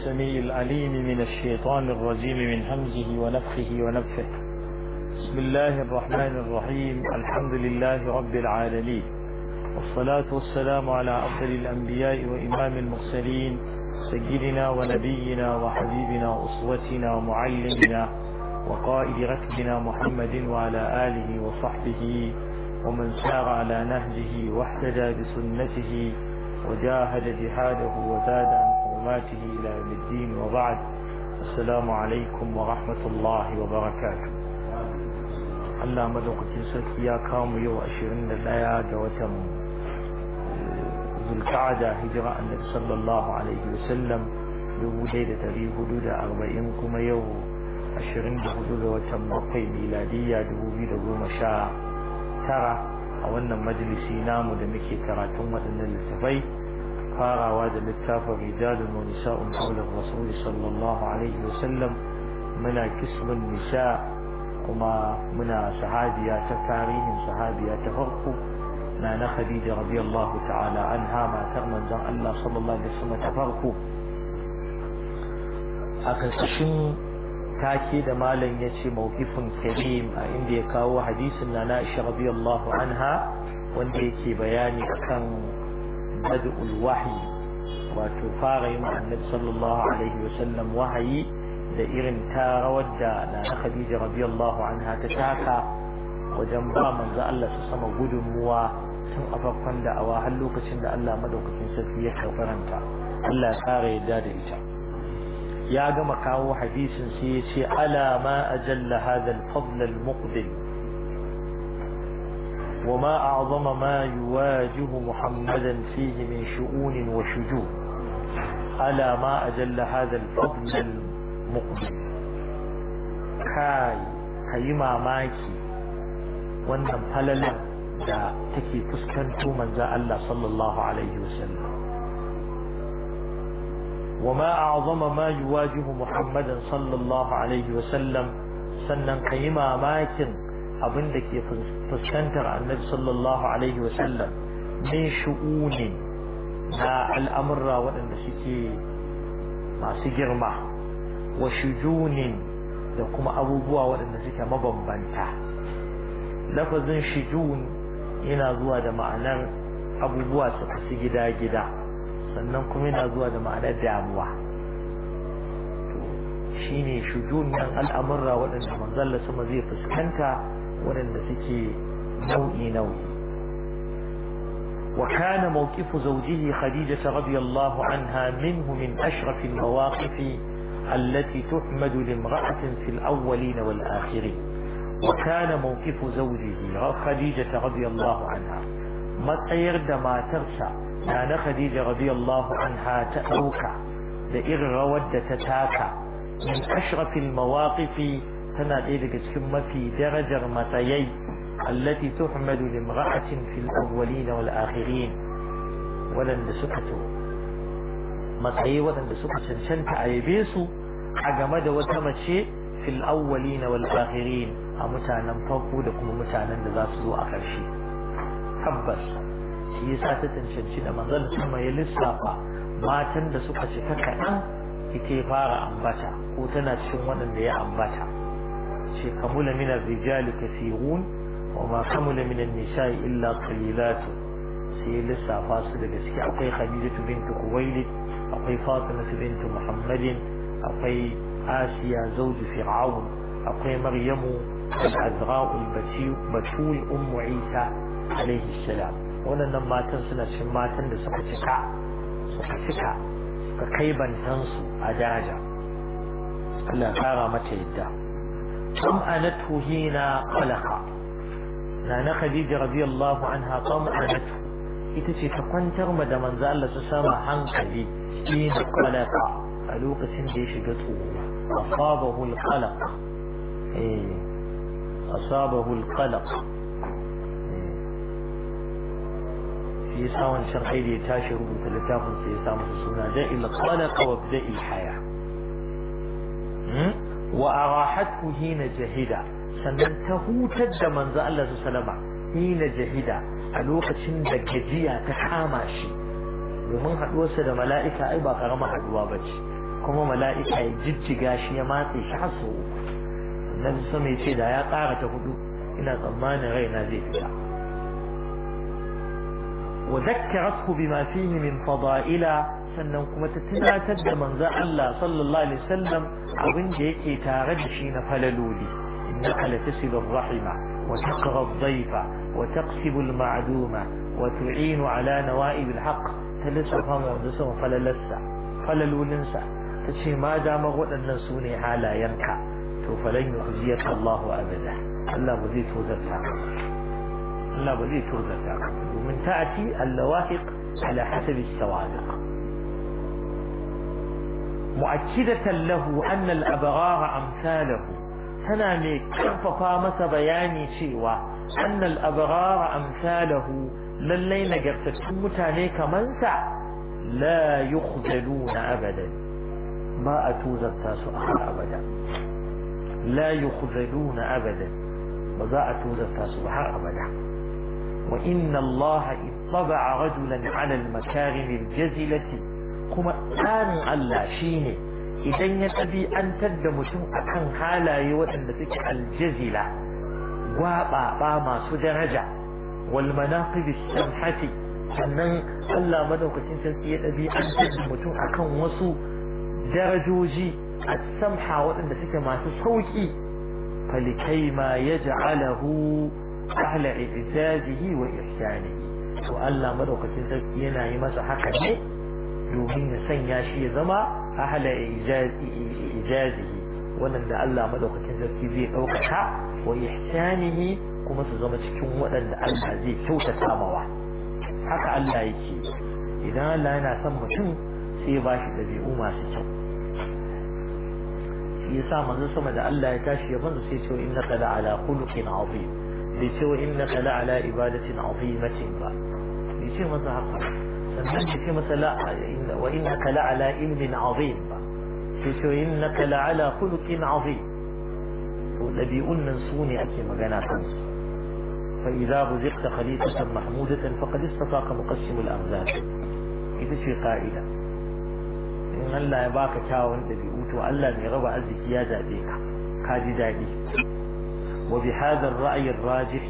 السميع العليم من الشيطان الرجيم من همزه ونفخه ونفخه بسم الله الرحمن الرحيم الحمد لله رب العالمين والصلاة والسلام على أفضل الأنبياء وإمام المرسلين سيدنا ونبينا وحبيبنا وأسوتنا ومعلمنا وقائد ركبنا محمد وعلى آله وصحبه ومن سار على نهجه واحتجى بسنته وجاهد جهاده وزاد عن وحرماته إلى يوم الدين وبعد السلام عليكم ورحمة الله وبركاته Allah madaukakin sarki ya kamu yau ashirin da ɗaya ga watan zulka'ada hijira annabi sallallahu alaihi wasallam dubu ɗaya da ɗari hudu da arba'in kuma yau ashirin da hudu ga watan bakwai miladiyya dubu biyu da goma sha tara a wannan majalisi namu da muke karatun waɗannan littafai farawa da littafin rijalun wa nisa'un qawlan rasul sallallahu alaihi wa sallam muna kismun nisa kuma muna sahabiya ta tarihin sahabiya ta farko na na khadija radiyallahu ta'ala an anha matar manzon Allah sallallahu alaihi wasallam ta farko a karkashin take da malam ya yace mawqifun karim a inda ya kawo hadisin na na Aisha radiyallahu anha wanda yake bayani akan بدء الوحي وتفاغي مع النبي صلى الله عليه وسلم وحي دائر تار ودا لان خديجه رضي الله عنها تشاكى وجنبا من زال الله سسما غدن موا سن افقن دا اوا هل لوكشن دا الله مدوكشن سفي يكفرنتا الله سار يا غما حديث سيسي على ما اجل هذا الفضل المقبل وما أعظم ما يواجه محمدا فيه من شؤون وشجون ألا ما أجل هذا الفضل المقبل كاي كيما ماكي wannan دا تكي take fuskanto الله صلى الله عليه وسلم وما أعظم ما يواجه محمدا صلى الله عليه وسلم سنن كيما ماكن abin da ke fuskantar annabi sallallahu alaihi wasallam min shu'uni na al'amurra waɗanda suke masu girma wa shujunin da kuma abubuwa waɗanda suke mabambanta lafazin shujun yana zuwa da ma'anar abubuwa su kasu gida-gida sannan kuma yana zuwa da ma'anar damuwa shine shujun nan al'amurra waɗanda manzalla sama zai fuskanta waɗanda suke nau'i وكان موقف زوجه خديجة رضي الله عنها منه من أشرف المواقف التي تحمد لامرأة في الأولين والآخرين وكان موقف زوجه خديجة رضي الله عنها ما تيرد ما ترسى كان خديجة رضي الله عنها تأوكا لإغ ودت تاكا من أشرف المواقف تنا ديك كما في درجة متي التي تحمل لامرأة في الأولين والآخرين ولن بسكته متي ولن بسكته شنت عيبيسو أجمع دو تمشي في الأولين والآخرين أمتانا فوقو دكم متانا لذاتو آخر شيء تبس shi yasa ta tantance da manzon kuma ya lissafa matan da suka ci kaka ita ya fara ambata ko tana cikin wadanda ya ambata شيء كمل من الرجال كثيرون وما كمل من النساء إلا قليلات سيل السافاس لجسك أقي خديجة بنت خويلد أقي فاطمة بنت محمد أقي آسيا زوج فرعون أقي مريم العذراء البتول أم عيسى عليه السلام هنا لما تنسنا سمات لسقطك سقطك كيبا تنسو أداجا لا ترى متى الدهر طمأنته حين قلق نانا خديجة رضي الله عنها طمأنته إتشي تقن ترمد من ذا الله سسامة حنك لي حين قلق ألوك سنديش قطو أصابه القلق إيه. أصابه القلق إيه. في ساون شرحي لي تاشي ربو ثلاثة في ساون سسونا دائل القلق وبدائل الحياة وأراحته حين جهدا سنن تد الدمان ذا الله سلام حين جهدا ألوك تند جديا تحاماشي ومن حدوة سد ملائكة أيبا قرم حدوة بج كما ملائكة جد جغاش يماتي شاسو نبي سمي سيدا يا قارة تهدو إن الضمان غير نازيك دا وذكرته بما فيه من فضائله sannan kuma ta tunatar da manzo Allah sallallahu alaihi wasallam abin da yake tare da shi na falaloli innaka latasilu rahima wa taqra dhayfa wa taqsibu al-ma'duma wa tu'inu ala nawa'ib al-haq talisafa manzo sun falalarsa falalolinsa tace ma damar waɗannan su ne halayenka to falan yuhziyaka Allahu abada Allah ba zai tozarta ka لا بد ترزقك ومن تأتي اللواحق على حسب السوابق مؤكدة له أن الأبرار أمثاله تنا مي كرففا مسا بياني شيوا أن الأبرار أمثاله للي نجرتكم متاني كمنسع لا يخذلون أبدا ما أتوز التاس أحد أبدا لا يخذلون أبدا وزا أتوز التاس أحد أبدا وإن الله اطلع رجلا على المكارم الجزلة kuma tsarin Allah shine idan ya ɗabi'antar da mutum akan halaye waɗanda suke aljazila gwaɓaɓa masu daraja wal manaqib samhati sannan Allah madaukakin sarki ya ɗabi'antar da mutum akan wasu darajoji a samha waɗanda suke masu sauƙi falikai ma ya ja'alahu ahla i'tizazihi wa ihsanihi to Allah madaukakin sarki yana yi masa haka ne domin ya sanya shi ya zama ahala ijazihi waɗanda Allah madaukakin sarki zai ɗaukaka wa ihsanihi kuma su zama cikin waɗanda Allah zai kyautata mawa haka Allah yake idan Allah yana son mutum sai ba bashi ɗabi'u masu kyau shi yasa manzo sama da Allah ya tashi ya banzu sai ce innaka la ala khuluqin azim bai ce innaka la ala ibadatin azimatin ba bai ce masa haka فالمهدي في مثلا وإنك لعلى علم عظيم في شو إنك لعلى خلق عظيم والذي أن من صوني أكي مغانا تنسى فإذا رزقت خليفة محمودة فقد استطاق مقسم الأغزال إذا شو قائلة إن الله يباك تاون نبي أوتو ألا نغوى أزك يا ذاديك كاجي ذادي وبهذا الرأي الراجح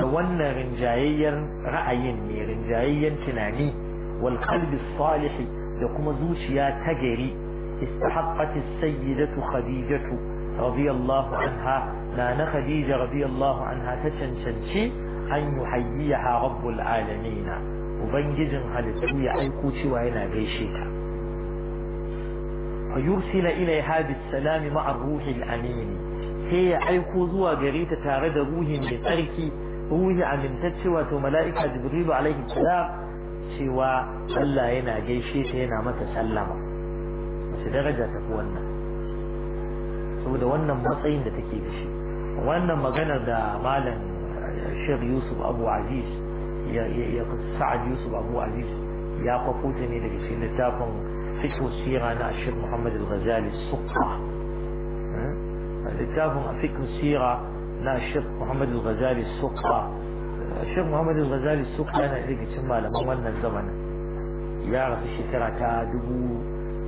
دون رنجايا راي رنجايا تناني والقلب الصالح لكم زوشيا تجري استحقت السيدة خديجة رضي الله عنها نانا خديجة رضي الله عنها تشنشنشي أن يحييها رب العالمين وبنجزن هل أي أيكوتي وعنا بيشيك ويرسل إليها بالسلام مع الروح الأمين هي أي زوا قريتا تارد روح من أركي روح أمنتتش وتو ملائكة جبريل عليه السلام cewa Allah yana gaishe ta yana mata sallama wace daraja ta fi wannan saboda wannan matsayin da take da shi wannan magana da malam Sheikh Yusuf Abu Aziz ya ya ya Sa'ad Yusuf Abu Aziz ya kwafo ta ne daga cikin littafin fiqh sira na Sheikh Muhammad Al-Ghazali Sukka littafin fiqh sira na Sheikh Muhammad Al-Ghazali Sukka الشيخ محمد الغزالي السوق انا اريد كم على ما ولنا الزمن يعرف الشكرا كادبو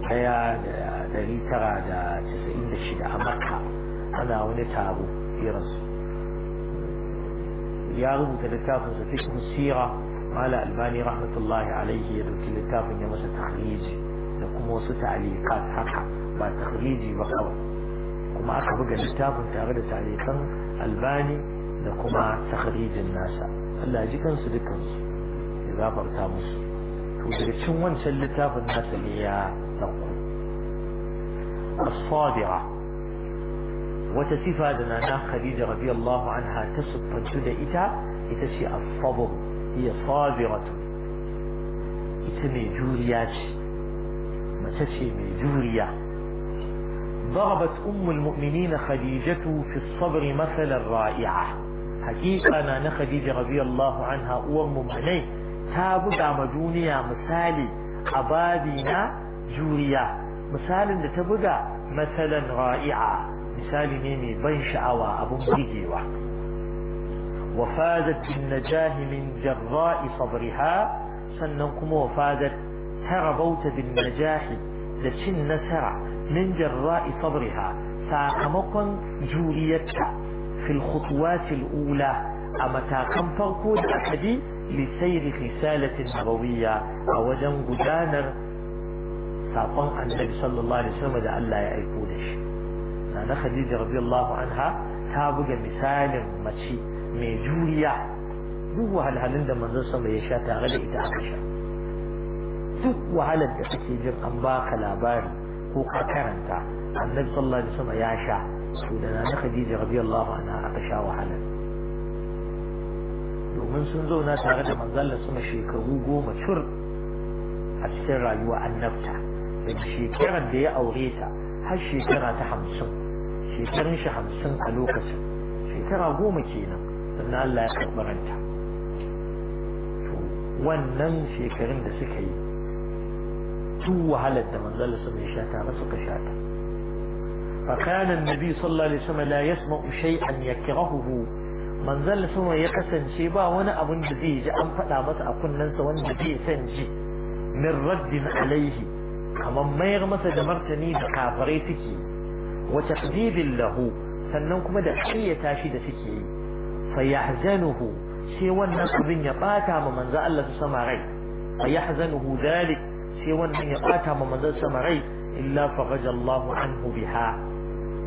حياة ترى تغادا تسعين الشدة مكة انا ونتابو تابو في رسول رب تلكاف ستكم السيرة على الباني رحمة الله عليه يدو تلكاف انما ستخريج لكم وسط عليقات حقا ما تخريجي بقوة كما اكبر تلكاف انت اغدت عليقا الباني da kuma takhrijin nasa Allah ji kansu dukan su ya gafarta musu to daga cikin wancan littafin nasa ne ya ɗauko as-sabi'a wata sifa da nana Khadija radiyallahu anha ta siffantu da ita ita ce as-sabr hiya sabiratu ita ne juriya ce mace ce mai juriya ضربت أم المؤمنين خديجة في الصبر مثلا رائعا حقيقه انا خديجه رضي الله عنها وام مني تابو دا ما دنيا مثالي ابادينا جوريا مثال ان تبغى مثلا رائعه مثال مني بين شعوه ابو بيجيوا وفازت بالنجاه من جراء صبرها سننكم وفازت ترابوت بالنجاح لشن نسرع من جراء صبرها ساقمكم جوريتها في الخطوات الأولى أما تاكم فرقود أكدي لسير رسالة نبوية أوجن قدانر عن النبي صلى الله عليه وسلم ده الله يعيكو دش أنا خديجة رضي الله عنها تابق مثال مشي ميجوريا هو هل هل ده منزل سمع يشاء تغلي إتعاقشا duk wahalar da kake jin an baka labari ko ka karanta annabi sallallahu alaihi wasallam ya sha رسولنا أنا أنا خديجة رضي الله عنها أتشاور على ومن سنزو ناس غدا من ظل سنة شيكا وقو مشر السر يو أنبتا لأن شيكا دي أوريتا هل شيكا تحمسن شيكا نشي حمسن ألوكس شيكا غو مكينا سنة الله يكبر أنت ونن شيكا رند سكي تو هلد من ظل سنة شاتا رسك شاتا فكان النبي صلى الله عليه وسلم لا يسمع شيئا يكرهه من ذا لسما يقسن شيء با وانا ابن بديج ام فدا مسا اكون ننسى وان بديج من رد عليه كما ما يغمس دمرتني بكافري تكي وتقديد له سنن كما دا حية تاشي دا تكي فيحزنه شيء وانا ابن يطاتا من ذا الله سما غي فيحزنه ذلك شيء وانا ابن يطاتا من ذا سما غي إلا فغج الله عنه بها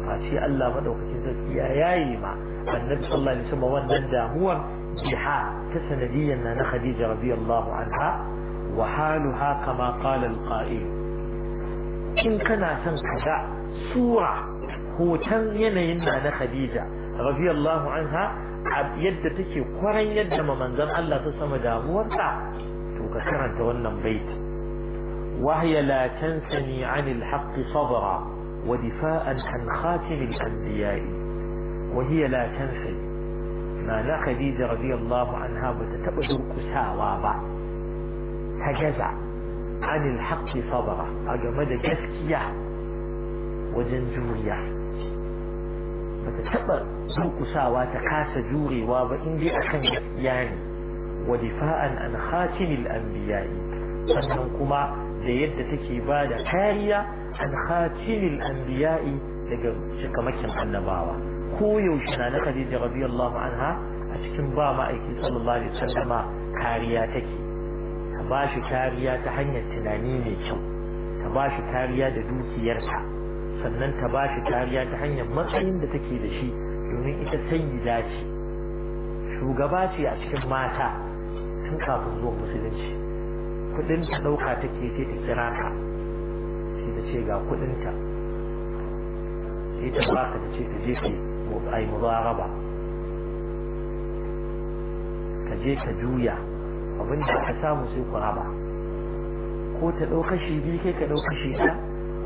face Allah madaukakin sarki ya yayi ma annabi sallallahu alaihi wasallam wannan damuwar jiha ta sanadiyyar na Khadija radiyallahu anha wa haluha kama qala alqa'il in kana son kaga sura hoton yanayin na na Khadija radiyallahu anha yadda take kwaran yadda manzon Allah ta sama damuwarta to ka karanta wannan baiti وهي لا تنسني عن الحق صبرا ودفاعا عن خاتم الأنبياء وهي لا تنفي ما لا خديجة رضي الله عنها وتتبدو كساوى بعض تجزع عن الحق صبرة أجمد جسكية وجنجورية فتتبدو كساوى تكاس جوري وابا دي أخن يعني ودفاعا عن خاتم الأنبياء sannan da yadda take ba da kariya an khatimil anbiya'i daga shikamakin annabawa ko yaushe na na Khadija radiyallahu anha a cikin ba ma'aiki sallallahu alaihi wasallama kariya take ta ba shi kariya ta hanyar tunani mai kyau ta ba shi kariya da dukiyarta sannan ta ba shi kariya ta hanyar matsayin da take da shi domin ita sayyida ce shugaba ce a cikin mata tun kafin zuwa musulunci kudin ta dauka take sai ta kira ka sai ta ce ga kudin ta sai ta baka ta ce ka je ki ai raba, ka je ka juya abin da ka samu sai ku raba ko ta dauka shi bi kai ka dauka shi ta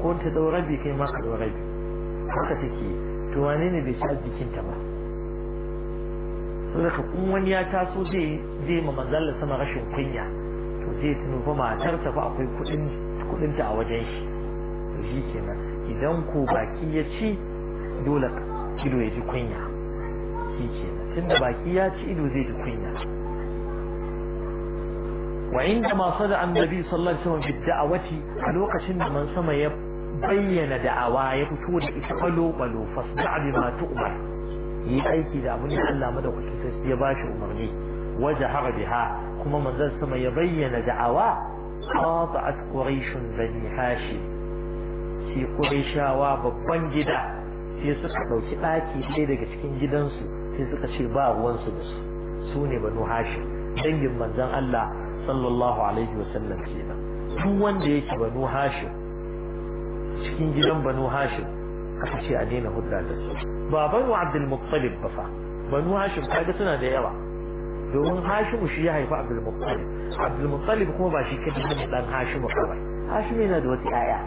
ko ta daura rabi kai ma ka daura rabi haka take to wane ne bai sa jikinta ba saboda kun wani ya taso zai zai ma manzalla sama rashin kunya to sai sun fa matarsa akwai kudin ta a wajen shi to shi kenan idan ko baki ya ci dole ido ya ji kunya shi kenan baki ya ci ido zai ji kunya وعندما صدع النبي صلى الله عليه وسلم بالدعوة الوقت من سما بين دعوة يفتون إتقلوا قلوا فاصدع بما تؤمر yi aiki da abin da Allah madaukakin sarki ya bashi umarni waje biha. kuma manzon sama ya bayyana da'awa qata'at quraish bani hashim shi quraishawa babban gida sai suka dauki daki ɗaya daga cikin gidansu sai suka ce ba ruwansu da su su ne banu hashim dangin manzon Allah sallallahu alaihi wasallam kenan duk wanda yake banu hashim cikin gidan banu hashim aka ce a daina hudda da su Baban banu abdul muttalib ba fa banu hashim kaga suna da yawa دون هاشم وشيا هاي فا عبد المطلب عبد المطلب بكم باشي كده دان هاشم وكبر هاشم هنا دوتي آية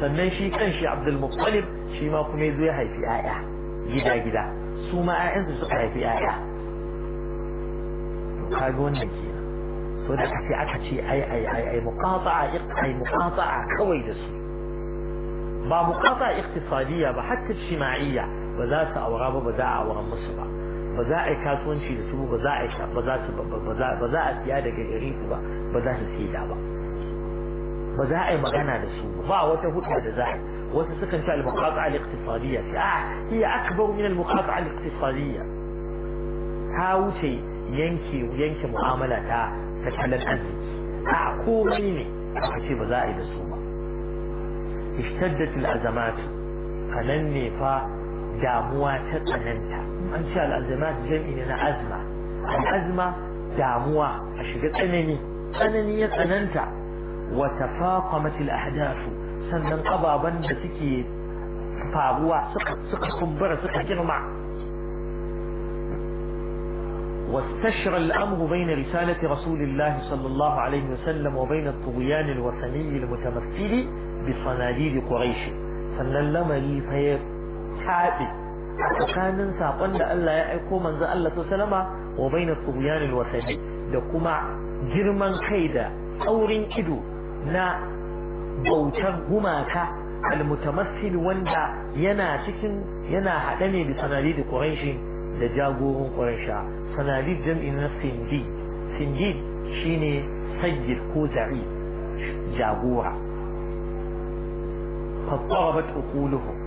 سنن شي كان شي عبد المطلب شي ما كم يزوي هاي في آية جدا جدا سوما آية انت سوك هاي في آية مقاقون نجينا سودا كتي أكتي أي أي أي أي مقاطعة أي مقاطعة كوي دسو با مقاطعة اقتصادية با حتى اجتماعية وذات أو غابة بداعة ورمصبة ba za a yi kasuwanci da su ba za a sha ba za su ba za a siya daga gare su ba ba za su siya ba ba za a yi magana da su ba wata hudu da za a wasu sukan ci al-muqata'a al-iqtisadiyya fi a hiya akbar min al-muqata'a al-iqtisadiyya ha wuce yanke yanke mu'amala ta tattalin arziki a komai ne aka ce ba za a yi da su ba ishtaddat al-azamat anan ne fa damuwa ta tsananta an ce al'azamat jam'i ne na azma al'azma damuwa a shiga tsanani tsanani ya tsananta wa tafaqamat al-ahdath sannan ababan da suke faruwa suka suka kumbura suka girma واستشرى الأمر بين رسالة رسول الله صلى الله عليه وسلم وبين الطغيان الوثني المتمثل بصناديد قريش فلن لما لي a tsakanin saƙon da Allah ya aiko manzo Allah sallama wa baina tughyanil wasani da kuma girman kai da tsaurin ido na bautar gumaka almutamassil wanda yana cikin yana haɗe ne da da quraishi da jagorin quraisha sanadid jam'in na sinji sinji shine sayyid ko za'i jagora fattarabat uquluhum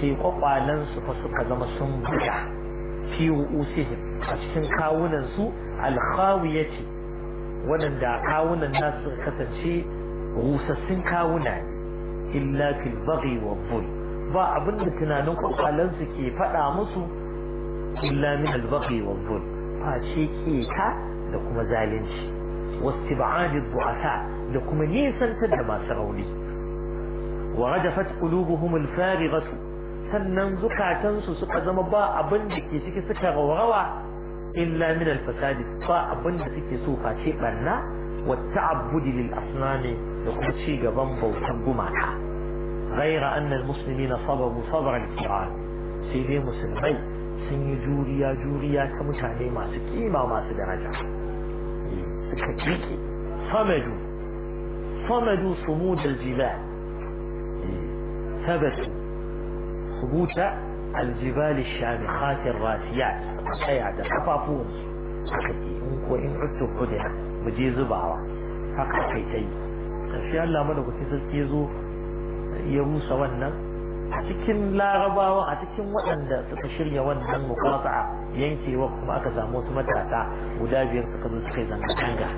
sai kwakwalansu fa suka zama sun buga fi ru'usihim a cikin kawunan su alkhawiyati wadanda kawunan nasu kasance rusassun kawuna illa fil baghi wa bul ba abin da tunanin kwakwalansu ke faɗa musu illa min al baghi wa bul fa dhul ke keta da kuma zalunci واستبعاد الضعفاء لكم نيسا تدعى ما سرولي وغدفت قلوبهم الفارغة sannan zukatansu suka zama ba abin da ke ciki suka rawawa illa min al-fasadi ba abin da suke so face banna wa ta'abbudi lil asnami da kuma ci gaban bautan gumaka ghaira anna al-muslimina sabaru sabran kiran sai dai musulmai sun yi juriya juriya ta mutane masu kima masu daraja suka kike samadu samadu sumud al-jibal ثبتوا ثبوت الجبال الشامخات الراسيات أي عدد أفافون وإن عدت خدها مجيز بارا فقط في تي الشيء الله من أقول تسل كيزو يموسى ونن أتكين لا غبا وأتكين وأن تتشير يوان من مقاطعة ينكي وكما أكذا موت مدعتا ودابير تقدر تخيزا نتنجا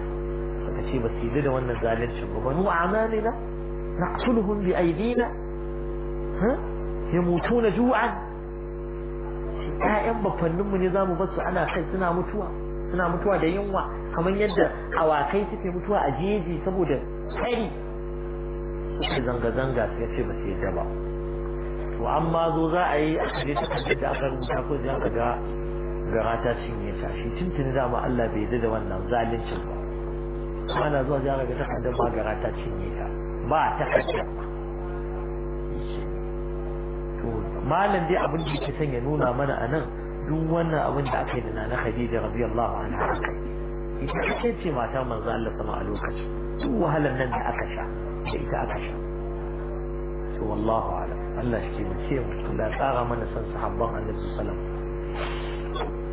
فتشي بس يدد وأن الزالين شبه ونو أعمالنا نقتلهم بأيدينا ها yamutuna ju'an ƴaƴan bakwanninmu ne za mu basu ana kai suna mutuwa suna mutuwa da yunwa kamar yadda awakai suke mutuwa a jeji saboda tsari suke zanga-zanga su yace ba su yadda ba to amma zo za a yi a je ta da aka rubuta ko za ka ga gara ta cinye ta shi tuntuni da ma Allah bai yarda da wannan zalincin ba na zuwa za ka ga takardar ma gara ta cinye ta ba takardar malam dai abin da yake son ya nuna mana a nan duk wannan abin da aka yi da nana khadija radiyallahu anha aka yi ita ake ce matar manzo Allah sama a lokacin duk wahalar nan da aka sha da ita aka sha to wallahu a'lam Allah shi ke mu ce mu da tsara mana san sahabban Annabi sallallahu alaihi wasallam